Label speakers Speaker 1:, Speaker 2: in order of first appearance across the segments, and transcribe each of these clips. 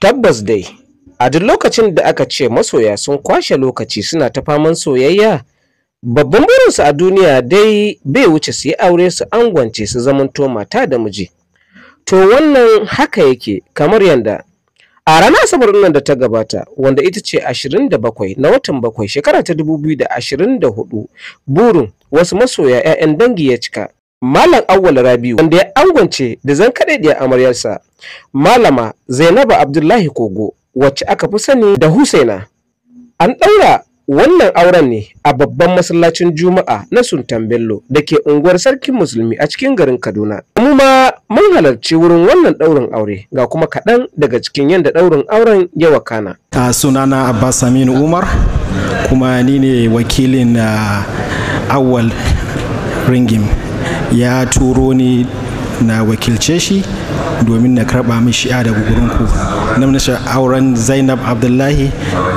Speaker 1: Tabbas dai, a duk lokacin da aka ce masoya sun kwashe lokaci suna ta faman soyayya, babban burinsu a duniya dai bai wuce su yi aure su angwance su zamanto mata da miji. To wannan haka yake kamar yanda a ranar asabar nan da ta gabata wanda ita ce 27 na watan bakwai shekara ta 2024 burin wasu masoya 'ya'yan dangi ya cika Malam Awwal Rabiu wanda ya angwance da zan da amaryarsa, Malama Zainaba Abdullahi Kogo wacce aka fi sani da Husaina. An ɗaura wannan auren ne a babban masallacin Juma'a na Sultan Bello da ke unguwar Sarkin Musulmi a cikin garin Kaduna. Mu ma mun halarci wurin wannan ɗaurin aure ga kuma kaɗan daga cikin yadda ɗaurin auren ya wakana.
Speaker 2: ta sunana Abbas Aminu Umar kuma ni ne wakilin uh, ah, Awwal Ringim. ya turo ni na wakilce shi domin na karɓa min shi'a daga gurinku na nasa auren zainab abdullahi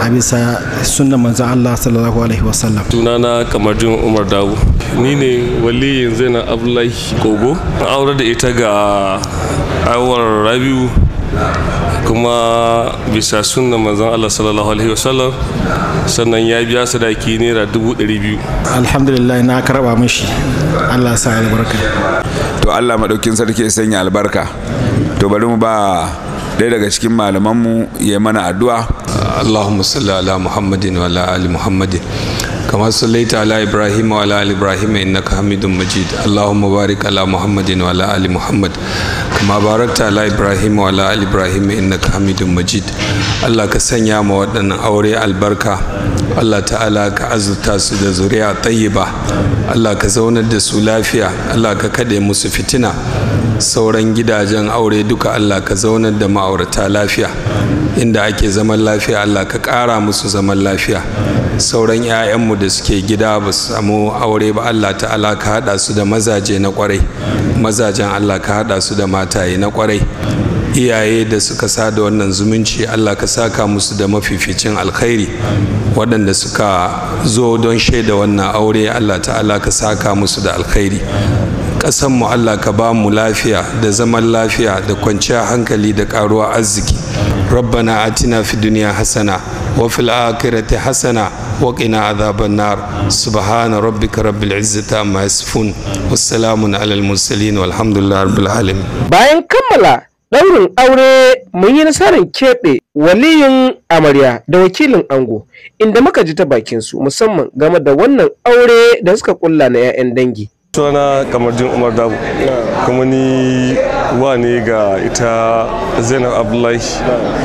Speaker 2: a bisa sunan manzan allah sallallahu alaihi wasallam
Speaker 3: sunana kamar jin umar dawo ni ne waliyin zainab abdullahi gogo aure da ita ga awar rabiu kuma bisa sunna manzon Allah sallallahu alaihi wasallam sannan ya biya sadaki naira dubu ɗari biyu
Speaker 2: alhamdulillah na karba mashi Allah sa albarka
Speaker 3: to Allah madaukin sarki ya sanya albarka to bari mu ba ɗaya daga cikin malamanmu ya mana addu'a Allahumma salli ala Muhammadin wa ala ali Muhammadin كما صليت على إبراهيم وعلى آل إبراهيم إنك حميد مجيد اللهم بارك على محمد وعلى آل محمد كما باركت على إبراهيم وعلى آل إبراهيم إنك حميد مجيد الله كسنيا مودن أوري البركة الله تعالى كأزتا سد زريعة طيبة الله كزونة دسو لافية الله ككدي مسفتنا sauran gidajen aure duka Allah ka zaunar da ma'aurata lafiya inda ake zaman lafiya Allah ka kara musu zaman lafiya sauran 'ya'yanmu da suke gida ba su samu aure ba Allah ta alaka haɗa su da mazaje na kwarai mazajen Allah ka haɗa su da mataye na kwarai iyaye da suka sada wannan zumunci allah ka saka musu da mafificin alkhairi waɗanda suka zo don shaida wannan aure allah ta'ala ka saka musu da alkhairi ƙasan mu Allah ka ba mu lafiya da zaman lafiya da kwanciyar hankali da ƙaruwa arziki rabbana atina fi duniya hasana wa fil akhirati hasana wa qina adhaban nar subhana rabbika rabbil izzati amma yasifun wassalamun alal mursalin walhamdulillahi rabbil alamin
Speaker 1: bayan kammala daurin aure mun yi nasarar keɓe waliyin amarya da wakilin ango inda muka ji ta bakin su musamman game da wannan aure da suka kulla na 'ya'yan dangi
Speaker 3: suna kamar umar dabu kuma ni wa ne ga ita zainab abdullahi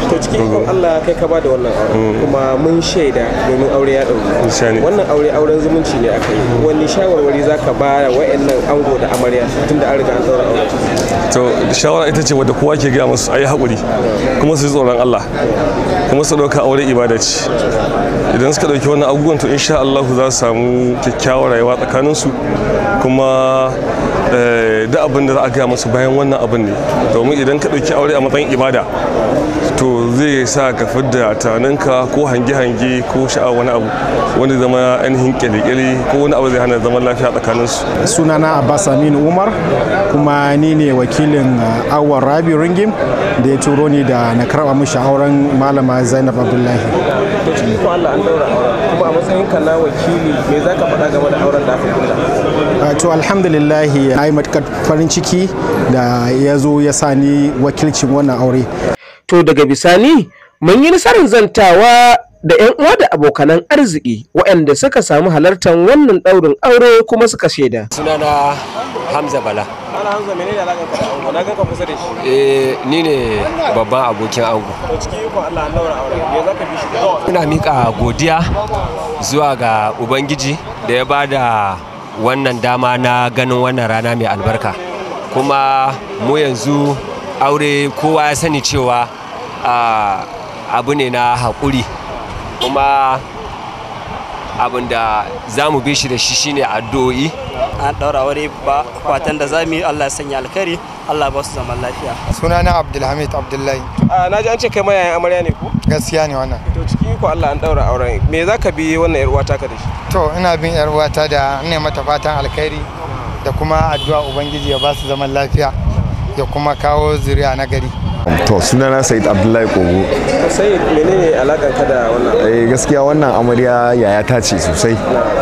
Speaker 3: to cikin
Speaker 1: allah kai ka ba da wannan aure mm. kuma mun shaida domin aure ya
Speaker 3: ɗauki
Speaker 1: wannan aure auren zumunci ne aka yi mm. wani shawarwari za ka ba da wa'annan ango da amarya tun da an riga an ɗaura aure
Speaker 3: to shawara ita ce wadda kowa ke gaya musu a yi haƙuri kuma su yi tsoron allah kuma su ɗauka aure ibada ce idan suka ɗauki wannan abubuwan to insha allahu za su samu kyakkyawar rayuwa tsakaninsu kuma kuma eh, da abin da za a gaya musu bayan wannan abin ne domin idan ka ɗauki aure a matsayin ibada to zai sa ka fidda tunaninka ko hange-hange ko sha'a wani abu wani zama ainihin kyale ko wani abu zai hana zaman lafiya tsakanin su
Speaker 2: sunana abbas aminu umar kuma ni ne wakilin eh, awar rabi ringim da ya turo ni da na karɓa mu auren malama zainab abdullahi
Speaker 1: to cikin Allah an daura kuma a matsayin ka na wakili me za ka faɗa game da auren da aka
Speaker 2: Uh, to alhamdulillah na yi matukar farin ciki da ya zo ya sani wakilcin wannan aure
Speaker 1: to daga bisani mun yi nasarar zantawa da 'yan uwa da abokanan arziki waɗanda suka samu halartar wannan ɗaurin aure kuma suka shaida sunana hamza bala hamza eh ni ne babban abokin ango ina mika godiya zuwa ga ubangiji da ya bada wannan dama na ganin wannan rana mai albarka kuma mu yanzu aure kowa ya sani cewa ah, abu ne na haƙuri kuma abin da za mu bi shi da shi shine addu'o'i an daura aure ba fatan da za mu yi Allah sanya alkhairi Allah ba su zaman lafiya na Abdulhamid Abdullahi a ji an ce kai mayayin amarya ne ko gaskiya ne wannan to ciki ko Allah an daura auren me zaka bi wannan yar uwata ka da shi
Speaker 2: to ina bin yar uwata da ne mata fatan alkhairi da kuma addu'a ubangiji ya ba su zaman lafiya ya kuma kawo zuriya na gari
Speaker 3: to sunana Said Abdullahi Kogo mene menene alakan ka da wannan eh, gaskiya wannan amarya yaya ta ce sosai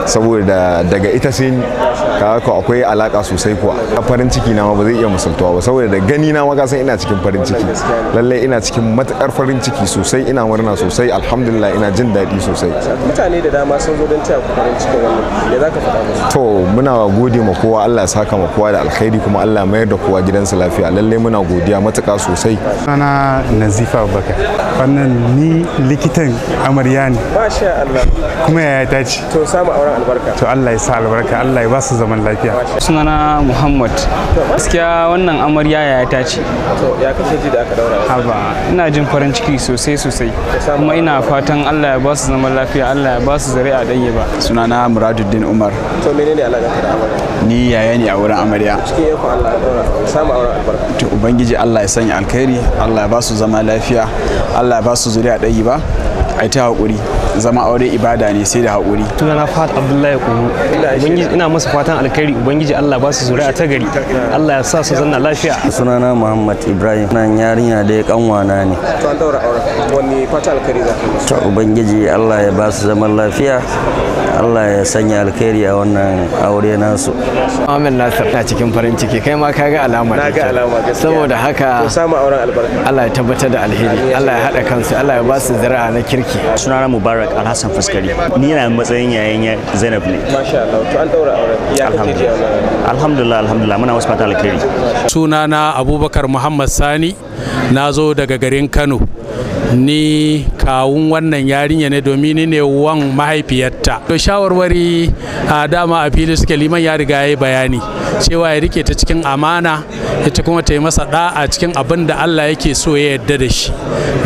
Speaker 3: saboda daga ita sai ka ko akwai alaka sosai kuwa farin ciki na ma ba zai iya musaltuwa ba saboda da gani na ma ka san ina cikin farin ciki lallai ina cikin matakar farin ciki sosai ina murna sosai alhamdulillah ina jin daɗi sosai
Speaker 1: mutane da dama sun zo don taya ku farin cikin wannan ya zaka faɗa musu
Speaker 3: to muna gode ma kowa Allah saka ma kowa da alkhairi kuma Allah mayar da kowa gidansa lafiya lallai muna godiya matuƙa sosai sana Nazifa baka
Speaker 4: wannan ni likitan amarya ne
Speaker 1: masha Allah
Speaker 4: kuma yaya ta ci
Speaker 2: to samu auren albarka to Allah ya sa albarka Allah ya ba su zaman lafiya sunana muhammad
Speaker 1: gaskiya wannan amarya ya ta ce ya kace ji da aka daura haba ina jin farin ciki sosai sosai kuma ina fatan Allah ya ba su zaman lafiya Allah ya ba su zari'a danye ba sunana muraduddin umar to menene ya da amarya ni yaya ne a wurin amarya cikin yakon Allah ya daura samu auren albarka to ubangiji Allah ya sanya alkhairi Allah ya ba su zama lafiya Allah ya ba su zuri'a danye ba a ta haƙuri zama aure ibada ne sai da haƙuri
Speaker 2: sunana fat abdullahi kogo ubangiji ina masa fatan alkhairi ubangiji allah ba su a ta gari
Speaker 4: allah ya sa su zanna lafiya sunana muhammad ibrahim nan yarinya da ya kanwana ne to an daura
Speaker 1: aure wani fatan alkhairi za ka
Speaker 4: yi to ubangiji allah ya ba su zaman lafiya Allah ya sanya alkhairi a wannan aure nasu. Amin na na cikin farin ciki kai
Speaker 1: ma ka ga alama da ga alama saboda haka to samu auren albarka Allah ya tabbatar da alheri Allah ya hada kansu Allah ya ba su zira'a na kirki aiki sunana mubarak alhassan fuskari ni yana matsayin yayin zainab ne alhamdulillah alhamdulillah muna wasu fata
Speaker 4: alkhairi sunana abubakar muhammad sani na zo daga garin kano ni kawun wannan yarinya ne domin ni ne wan mahaifiyarta to shawarwari a dama a fili suke liman ya riga ya yi bayani cewa ya rike ta cikin amana ita kuma ta yi masa a cikin abin da Allah yake so ya yarda da shi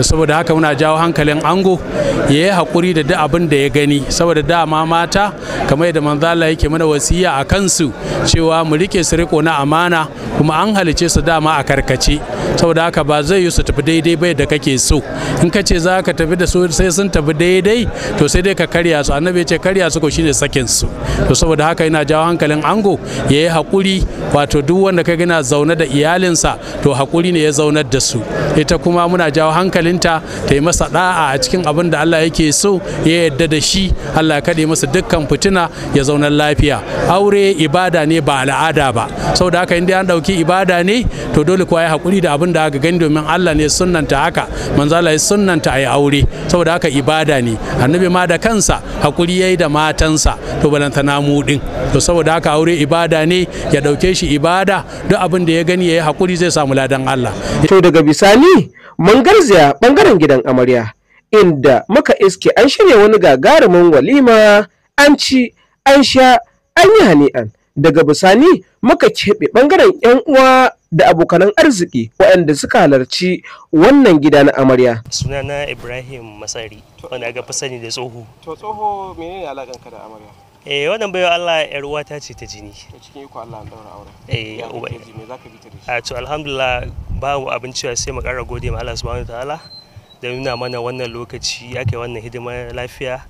Speaker 4: saboda haka muna jawo hankalin ango ya yi haƙuri da duk abin da ya gani saboda dama mata kamar yadda manzo Allah yake mana wasiya a kansu cewa mu rike su riko na amana kuma an halice su dama a karkace saboda haka ba zai yi su tafi daidai bai da kake so in ka ce za ka tafi da su sai sun tafi daidai to sai dai ka karya su annabi ya ce karya su ko shine sakin su to saboda haka yana jawo hankalin ango ya yi hakuri wato duk wanda ka gina zaune da iyalinsa to hakuri ne ya zaunar da su ita kuma muna jawo hankalinta ta yi masa da'a a cikin abin da Allah yake so ya yadda da shi Allah ya kaɗe masa dukkan fitina ya zauna lafiya aure ibada ne ba al'ada ba saboda haka inda an ɗauki ibada ne to dole kuwa ya hakuri da abin abin da aka gani domin Allah ne sunnanta haka manzo Allah ya sunnanta ayi aure saboda haka ibada ne annabi ma da kansa hakuri yayi da matansa to balanta namu din to saboda haka aure ibada ne ya dauke shi ibada duk abin da ya gani yayi hakuri zai samu ladan Allah
Speaker 1: to daga bisani mun garzaya bangaren gidan amarya inda muka iske an shirya wani gagarumin walima an ci an sha an yi hani'an daga bisani muka keɓe ɓangaren 'yan uwa da abokanan arziki waɗanda suka halarci wannan gida na amarya. sunana ibrahim masari wanda aka fi sani da tsoho to tsoho menene alaƙanka da amarya eh wannan bayo Allah yar uwata ce ta jini cikin iko Allah an daura aure eh uba me zaka bi ta a ah, to alhamdulillah babu abin cewa sai mu ƙara gode ma Allah subhanahu wataala da nuna mana wannan lokaci ake wannan hidima lafiya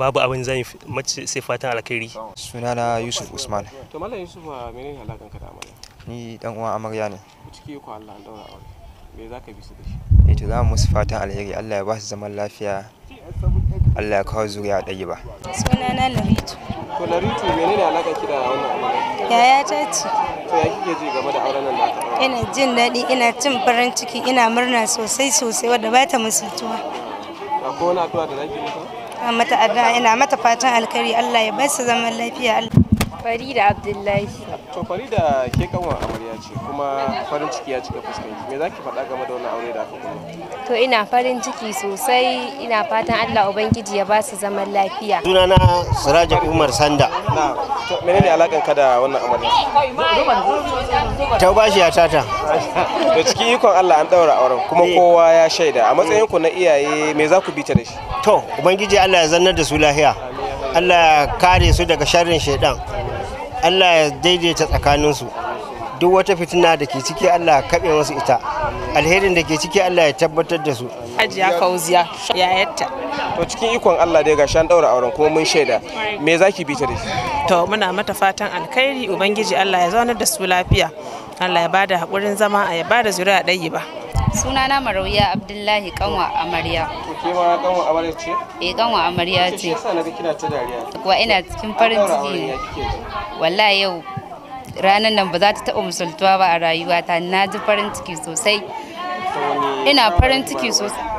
Speaker 1: babu abin zan mace sai fatan alkhairi sunana yusuf usman to mallam yusuf a menene halakan ka da amarya ni dan uwan amarya ne ciki ku Allah an daura aure me zaka bi su da shi eh
Speaker 2: to
Speaker 5: za mu musu fatan alheri Allah ya ba su zaman lafiya Allah ya kawo zuriya ɗaya ba
Speaker 6: sunana laritu to laritu menene alaka ki da wannan amarya yaya ta ce
Speaker 1: to ya kike ji game da auren nan da
Speaker 6: ina jin daɗi ina cin farin ciki ina murna sosai sosai wadda ba ta musultuwa
Speaker 1: akwai wani addu'a da zaki yi
Speaker 6: mata addu'a ina mata fatan alkhairi Allah ya bar su zaman lafiya Farida Abdullahi. To
Speaker 1: Farida ke kanwa amarya ce kuma farin ciki ya cika ki. Me zaki faɗa game da wannan aure da aka kuma?
Speaker 5: To ina farin ciki sosai ina fatan Allah Ubangiji ya ba su zaman lafiya.
Speaker 2: Sunana
Speaker 1: Siraja Umar Sanda. To menene alakan ka da wannan amarya?
Speaker 5: Ta'u bashi ya tata.
Speaker 1: To cikin ikon Allah an daura auren kuma eh. kowa ya shaida. A matsayin ku na iyaye me za ku bi ta da shi?
Speaker 2: To Ubangiji Allah ya zannar da su lahiya. Allah ya kare su daga sharrin shaidan. Allah ya daidaita tsakaninsu duk wata fitina da ke ciki Allah ya kaɓe masu ita alherin da ke ciki Allah ya tabbatar
Speaker 1: da su
Speaker 5: Hajiya Fauziya yatta
Speaker 1: to cikin ikon Allah dai gashi an daura auren kuma mun shaida me zaki bi ta da
Speaker 5: to muna mata fatan alkhairi ubangiji Allah ya zaunar da su lafiya Allah ya bada hakurin zama ya bada zuriya ɗayi ba sunana marauya abdullahi kanwa amarya ke kanwa amarya ce eh kanwa amarya ce yasa kina
Speaker 1: ta dariya kuwa
Speaker 5: ina cikin farin ciki ne wallahi yau ranar nan ba za ta taɓa musultuwa ba a rayuwata na ji farin ciki sosai ina farin ciki sosai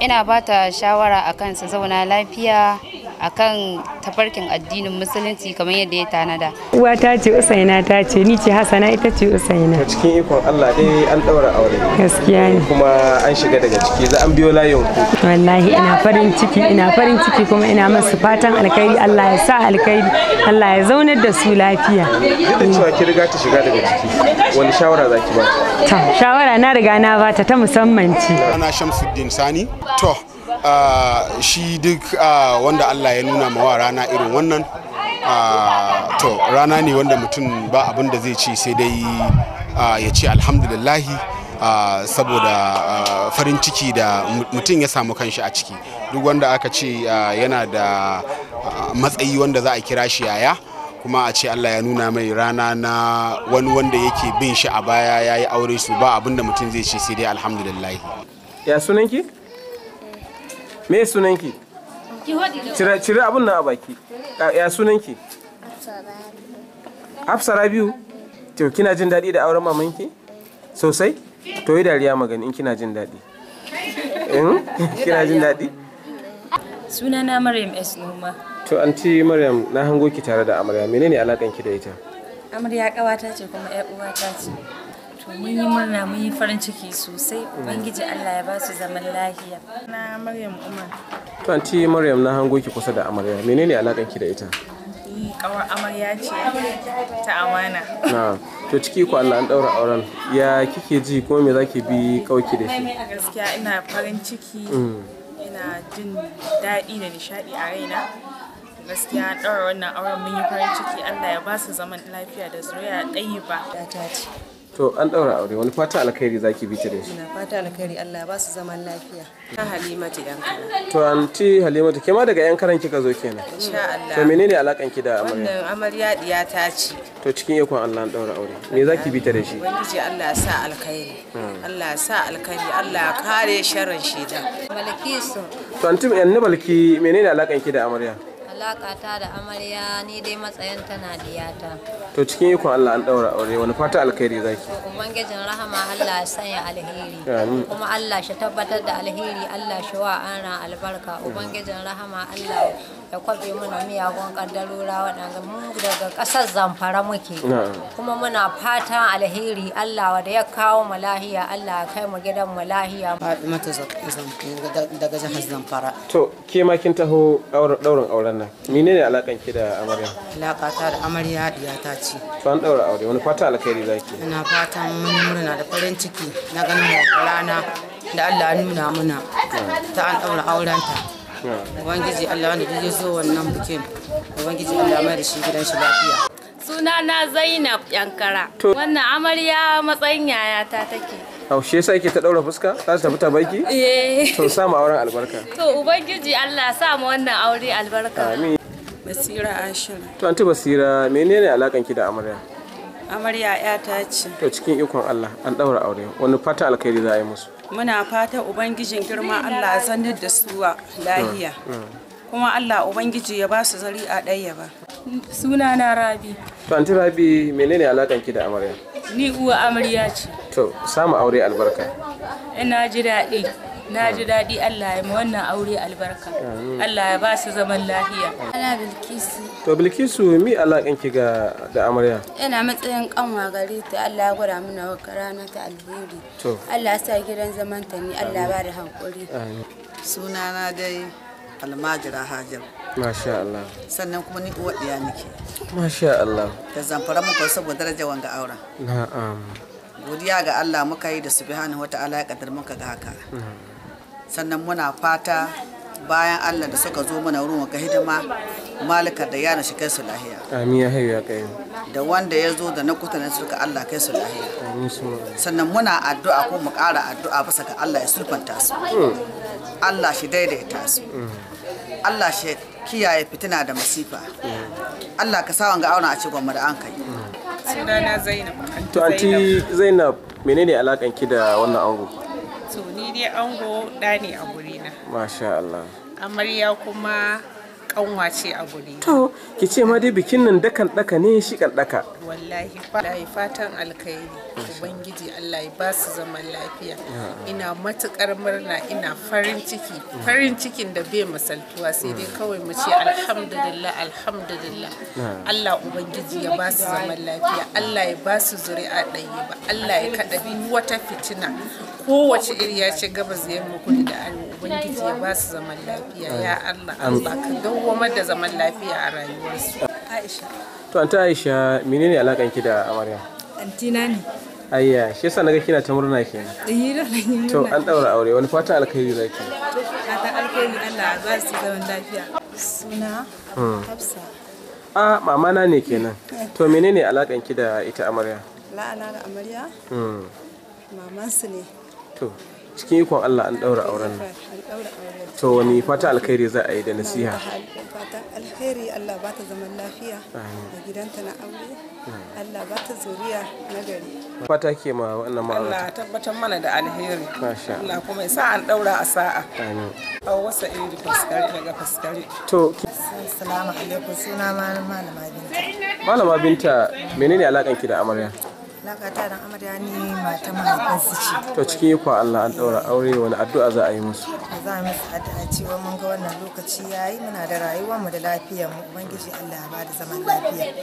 Speaker 5: ina ba ta shawara akan su zauna lafiya akan tafarkin addinin musulunci kamar yadda ya tanada. Uwa ta ce Usaina ta ce ni ce Hasana ita ce Usaina. A cikin ikon Allah dai
Speaker 1: an ɗaura aure. Gaskiya ne. Kuma an shiga daga ciki za an biyo layin ku.
Speaker 5: Wallahi ina farin ciki ina farin ciki kuma ina masu fatan alkhairi Allah ya sa alkhairi Allah ya zaunar da su lafiya. Duk da
Speaker 1: cewa ki riga ta shiga daga ciki wani shawara za ki ba
Speaker 5: ta? Shawara na riga na bata ta musamman ce.
Speaker 1: Ana
Speaker 2: Shamsuddin Sani. To Ah, shi duk ah, wanda allah ya nuna mawa rana irin wannan ah, to rana ne wanda mutum ba abin da zai ce sai dai ya ce alhamdulillahi saboda farin ciki da mutum ya samu kanshi a ciki duk wanda aka ce yana da matsayi wanda za a kira shi yaya kuma a ce Allah ya nuna mai rana na wani wanda yake bin shi a baya ya yi aure su ba da mutum zai ce sai dai alhamdulillahi
Speaker 1: ya sunanki me sunanki cire abun nan a baki ya sunanki afsara biyu to kina jin daɗi da auren ki sosai to yi dariya magani in kina jin daɗi
Speaker 5: kina jin daɗi na maryam s noma
Speaker 1: to anti maryam na hango ki tare da amarya menene alakan ki da ita
Speaker 5: amarya kawata ce kuma uwa uwata ce mun yi murna mun yi farin ciki sosai ubangiji Allah ya ba su zaman lafiya na Maryam Umar
Speaker 1: to anti Maryam na hango ki kusa da amarya menene alakan ki da ita
Speaker 5: kawar amarya ce ta amana
Speaker 1: na to ciki ku Allah an daura auren ya kike ji ko me zaki bi kauki da
Speaker 5: shi gaskiya ina farin ciki mm. ina jin daɗi da nishaɗi a raina gaskiya ɗaura wannan auren mun yi farin ciki Allah ya ba su zaman lafiya da zuriya ɗayi ba.
Speaker 1: To an ɗaura aure wani fata alkhairi zaki bi ta da shi.
Speaker 5: fata alkhairi Allah ba su zaman lafiya. Ta Halimatu yan karan. To
Speaker 1: anti Halimatu ke ma daga yan karan kika zo kenan. Insha Allah. To menene alakan ki da amarya? Wannan
Speaker 5: amarya diya ta ce.
Speaker 1: To cikin ikon Allah an ɗaura aure. Me zaki bi ta da shi?
Speaker 5: Ubangiji Allah hmm. sa alkhairi. Allah sa alkhairi Allah kare sharrin shaitan. Malaki su.
Speaker 1: To anti annabalki menene alakan ki da amarya? alakata da amarya ni dai matsayin tana diyata. To cikin ikon Allah an daura aure wani fata alkhairi zaki. Ubangijin rahama Allah ya sanya alheri. Kuma Allah shi tabbatar da alheri Allah shi wa an ran albarka. Ubangijin rahama Allah ya kwabe mana
Speaker 5: miyagun kaddarura waɗanda mu daga
Speaker 1: ƙasar zamfara muke.
Speaker 5: Kuma muna fatan alheri Allah wanda ya kawo mu lahiya Allah ya kai mu gidan mu lahiya. Fatimata daga jihar
Speaker 1: Zamfara. To ke ma kin taho ɗaurin auren nan. mine ne alakan ki da amarya
Speaker 5: alakata da amarya diyata ce
Speaker 1: to an daura aure wani fata alkhairi zaki
Speaker 5: ina fata mun murna da farin ciki na ganin rana da Allah ya nuna mana ta an daura aurenta Ubangiji Allah wanda duk zo wannan bikin Ubangiji Allah mai da shi gidan shi lafiya Suna na Zainab Yankara wannan amarya matsayin yayata take
Speaker 1: Aushe shi yasa yake ta daura fuska? Za ta tafi ta baki? Eh. To sa mu auren albarka.
Speaker 5: To ubangiji Allah sa mu wannan aure albarka. Amin. Basira Ashira.
Speaker 1: To anti Basira menene alakan ki da amarya?
Speaker 5: Amarya ƴata ce.
Speaker 1: To cikin ikon Allah an daura aure. Wani fata alkhairi za a yi musu?
Speaker 5: Muna fata ubangijin girma Allah sanar da suwa lahiya. Mm, mm. Kuma Allah ubangiji ya ba su zari a ɗaya ba. Sunana Rabi.
Speaker 1: To anti Rabi menene alakan ki da amarya?
Speaker 5: Ni uwa amarya ce.
Speaker 1: to samu aure albarka
Speaker 5: ina ji daɗi na ji daɗi Allah ya wannan aure albarka Allah ya ba su zaman lafiya ana bilkisu
Speaker 1: to bilkisu mi alaƙan ki ga da amarya
Speaker 5: ina matsayin kanwa gare ta Allah ya gwada mana wata rana ta alheri to Allah ya sa gidan zaman ta ni Allah ba da hankuri na dai
Speaker 3: almajira hajar
Speaker 1: Masha Allah.
Speaker 3: Sannan kuma ni uwa ɗiya nake.
Speaker 1: Masha Allah.
Speaker 3: Da zamfara muku saboda darajar wanga auren. Na'am. godiya ga Allah muka yi da subhanahu wata'ala ya kadar muka ga haka sannan muna fata bayan Allah da suka zo mana wurin ga hidima malaka da yana shi kai su lahiya
Speaker 1: amin ya hayu ya kai
Speaker 3: da wanda ya zo da na kutanen suka Allah kai su lahiya sannan muna addu'a ko mu ƙara addu'a bisa ga Allah ya sulfanta su mm. Allah shi daidaita su mm. Allah shi kiyaye fitina da masifa mm. Allah ka sawan ga auna a ci gwamma da an kai
Speaker 5: sunana zainab to anti
Speaker 1: zainab menene alakan ki da wannan ango
Speaker 5: to ni dai ango da ne a gurina
Speaker 1: masha Allah
Speaker 5: amarya kuma kanwa ce a guri
Speaker 1: to ki ce ma dai bikin nan dakan daka ne shi kan daka
Speaker 5: wallahi wallahi fatan alkhairi ubangiji Allah ya basu zaman lafiya ina matukar murna ina farin ciki farin cikin da bai misaltuwa sai dai kawai mu ce alhamdulillah alhamdulillah Allah ubangiji ya basu su zaman lafiya Allah ya basu su zuri'a ɗaya ba Allah ya kada wata fitina kowace iri ya ce zai yamma kudu da arewa ubangiji ya basu zaman lafiya ya Allah Allah ka gawo komar da zaman lafiya a rayuwarsu. Aisha.
Speaker 1: To anta Aisha menene alakan ki da amarya? Antina ne. Ayya, shi yasa naga kina ta murna kenan.
Speaker 5: Eh, murna. To an
Speaker 1: daura aure wani fata alkhairi zaki.
Speaker 5: Fatan alkhairi Allah ba su zaman lafiya. Suna hmm. Hafsa.
Speaker 1: A mama na ne kenan. Eh. To menene alakan ki da ita amarya?
Speaker 5: La'ana da amarya? Mm. Mamansu ne.
Speaker 1: To, cikin ikon Allah an ɗaura auren nan
Speaker 5: to wani fata alkhairi
Speaker 1: za a yi da nasiha
Speaker 5: Fata alkhairi Allah ba ta zaman lafiya da gidanta na aure Allah ba ta zuriya na gari
Speaker 1: fata ke ma wannan ma'aurata Allah tabbatar mana da alheri Allah kuma ya sa an daura a sa'a amin a wasa inji fuskari daga fuskari to assalamu alaikum suna malama binta malama binta menene alakan ki da amarya
Speaker 5: Alakata dan amarya ne mata mahaifinsu ce. To
Speaker 1: cikin ikon Allah an ɗaura aure wani addu'a za a yi musu.
Speaker 5: da za mu a cewa mun ga wannan lokaci yayi muna da rayuwar mu da lafiyar mu ubangiji Allah ba da zaman lafiya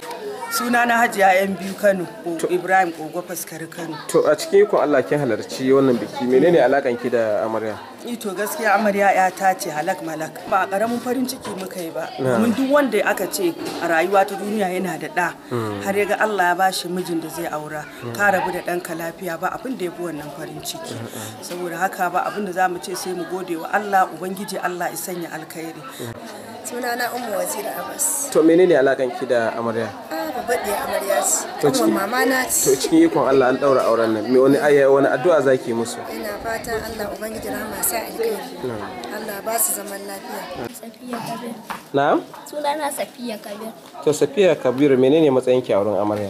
Speaker 5: suna na Hajiya yan biyu Kano ko Ibrahim Kogo Faskari Kano
Speaker 1: to a cikin ikon Allah kin halarci wannan biki menene alakan ki da amarya
Speaker 5: e, to gaskiya amarya ya ta ce halak malak ba karamin farin ciki muka yi ba Mun duk wanda aka ce a rayuwa ta duniya yana da ɗa hmm. har ga Allah ya ba shi mijin da zai aura hmm. ka rabu da ɗanka lafiya ba abin da ya fi wannan farin ciki hmm, saboda haka ba abin da za mu ce sai mu gode wa wa Allah ubangiji Allah ya sanya alkhairi
Speaker 4: suna na umma wazira abbas
Speaker 1: to menene alakan ki da amarya a
Speaker 4: ah, babbar da amarya to cikin mama na to cikin
Speaker 1: ikon Allah an daura auren nan me wani aya wani addu'a zaki musu
Speaker 4: ina fatan Allah ubangiji rahama
Speaker 5: sa alkhairi Allah ba su zaman lafiya safiya kabir na'am suna
Speaker 1: na safiya kabir to safiya kabir menene matsayin ki a wurin amarya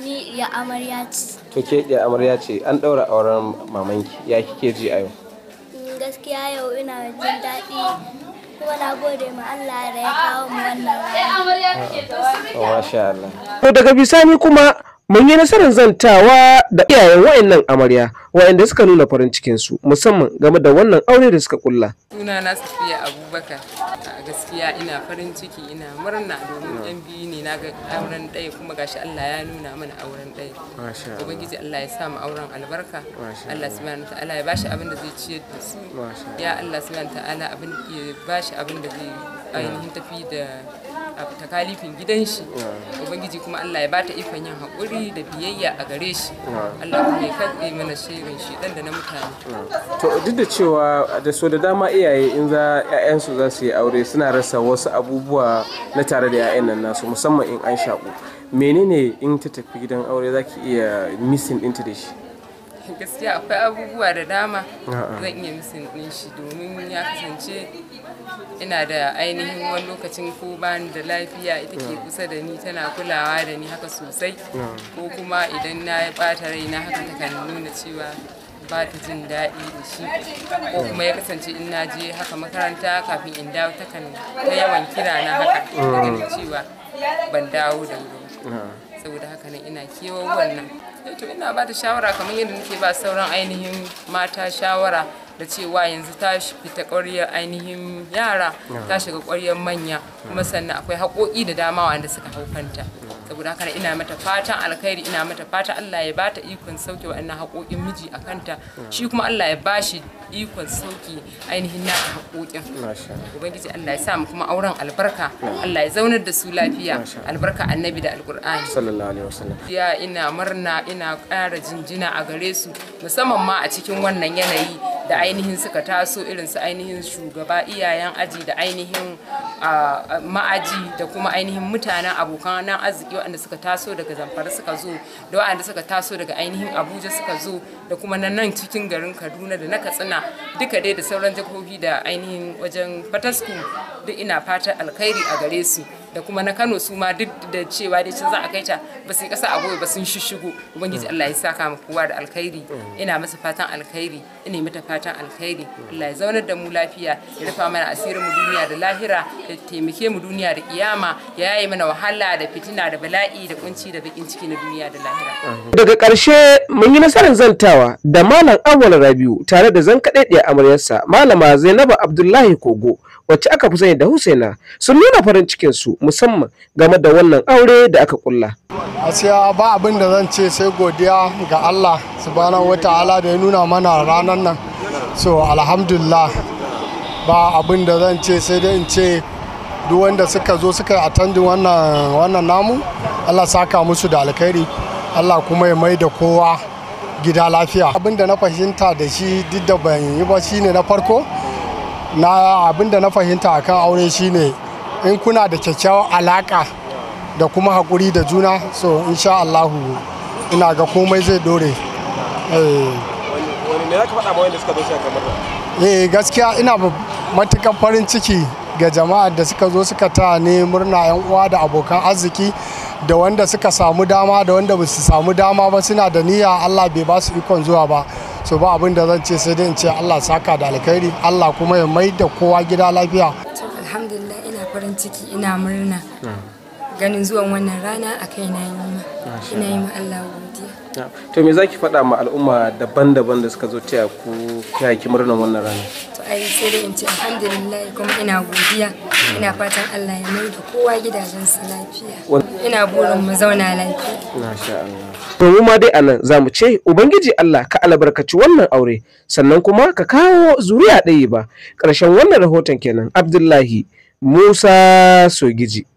Speaker 1: ni ya amarya ce to ke ya amarya ce an daura auren mamanki ya kike ji a yau
Speaker 5: gaskiya yau ina jin daɗi kuma na gode ma Allah da ya kawo mu wannan rana.
Speaker 1: Oh, masha Allah. To daga bisani kuma mun yi nasarar zantawa da iyayen wayannan amarya wayanda suka nuna farin cikin su musamman game da wannan aure da suka kulla
Speaker 5: na safiya abubakar a gaskiya ina farin ciki ina murna domin yan biyu ne na ga auren ɗaya kuma gashi Allah ya nuna mana auren ɗaya ubangiji Allah ya sa mu auren albarka Allah subhanahu ta'ala ya bashi abin da zai ciyar da su ya Allah subhanahu ta'ala abin ya bashi abin da zai ainihin tafi da takalifin gidan shi ubangiji kuma Allah ya bata ikon yin haƙuri da biyayya a gare shi Allah kuma ya kaɗe mana shirin shi dan da na mutane
Speaker 1: to duk da cewa da so da dama iyaye in za su za su yi aure suna rasa wasu abubuwa na tare da yayan nan nasu musamman in an shaƙu menene in ta tafi gidan aure zaki iya missing ɗinta da shi
Speaker 5: gaskiya akwai abubuwa da dama zan iya misin ɗin shi domin ya kasance ina da ainihin wani lokacin ko bani da lafiya ita ke kusa da ni tana kulawa da ni haka sosai ko kuma idan na ya rai raina haka takan nuna cewa ba ta jin daɗi da shi ko kuma ya kasance in na je haka makaranta kafin in dawo takan ta yawan kira na haka ganin cewa ban dawo da wuri saboda haka ina kewa wannan to ina ba da shawara kamar yadda nake ba sauran ainihin mata shawara da cewa yanzu ta fita ƙwaryar ainihin yara ta shiga ƙwaryar manya kuma sannan akwai haƙoƙi da dama wanda suka haukanta saboda haka ina mata fatan alkhairi ina mata fatan Allah ya bata ikon sauke wa'annan haƙoƙin miji a kanta shi kuma Allah ya bashi ikon sauki ainihin na haƙoƙin ubangiji Allah ya sa mu kuma auren albarka Allah ya zaunar da su lafiya albarka annabi da alkurani
Speaker 1: sallallahu alaihi wasallam
Speaker 5: ya ina murna ina ƙara jinjina a gare su musamman ma a cikin wannan yanayi da ainihin suka taso irin su ainihin shugaba iyayen aji da ainihin ma'aji da kuma ainihin mutanen abokan nan arziki waɗanda suka taso daga zamfara suka zo da waɗanda suka taso daga ainihin abuja suka zo da kuma na nan cikin garin kaduna da na katsina duka dai da sauran jihohi da ainihin wajen fatasku duk ina fatan alkhairi a gare su da kuma na Kano su ma duk da cewa dai can za a kai ta ba su kasa a gobe ba sun shishigo ubangiji Allah ya saka mu kowa da alkhairi ina masa fatan alkhairi ina mata fatan alkhairi Allah ya zaunar da mu lafiya ya rufa mana asirin mu duniya da lahira ya taimake mu duniya da kiyama ya yi mana wahala da fitina da bala'i da kunci da bakin ciki na duniya da lahira daga
Speaker 1: karshe mun yi nasarar zantawa da malam Awwal Rabiu tare da zan kaɗaiɗiyar amaryarsa malama Zainabu Abdullahi Kogo wacce aka fi sani da Husaina sun nuna farin cikin su musamman game da wannan aure da aka kulla.
Speaker 6: Asiya ba abin da zan ce sai godiya ga Allah subhanahu wata'ala da ya nuna mana ranar nan. So alhamdulillah ba abin da zan ce sai dai in ce duk wanda suka zo suka attendin wannan wannan namu Allah saka musu da alkhairi Allah kuma ya mai da kowa gida lafiya abin da na fahimta da shi duk da ban yi ba shine na farko na abin da na fahimta akan aure shine in kuna da kyakkyawar alaka da kuma haƙuri da juna so insha Allahu ina ga komai zai dore eh. eh gaskiya ina matuƙar farin ciki ga jama'a da suka zo suka ta ne murna yan uwa da abokan arziki da wanda suka samu dama da wanda ba su samu dama ba suna da niyya Allah bai ba su ikon zuwa ba so ba abin da zan ce sai dai in ce Allah saka da alkhairi Allah kuma ya mai da kowa gida lafiya
Speaker 5: alhamdulillah ina farin ciki ina murna ganin zuwan wannan rana a kai na yi ma ina yi ma Allah godiya
Speaker 1: to me zaki faɗa ma al'umma daban-daban da suka zo taya ku taya ki murnar wannan rana
Speaker 5: ai sai dai in ce alhamdulillah kuma ina godiya ina fatan Allah ya mai da kowa gidajensu lafiya ina burin mu zauna lafiya
Speaker 1: masha Allah to mu ma dai anan zamu ce ubangiji Allah ka albarkaci wannan aure sannan kuma ka kawo zuriya ɗaya ba ƙarshen wannan rahoton kenan Abdullahi Musa Sogiji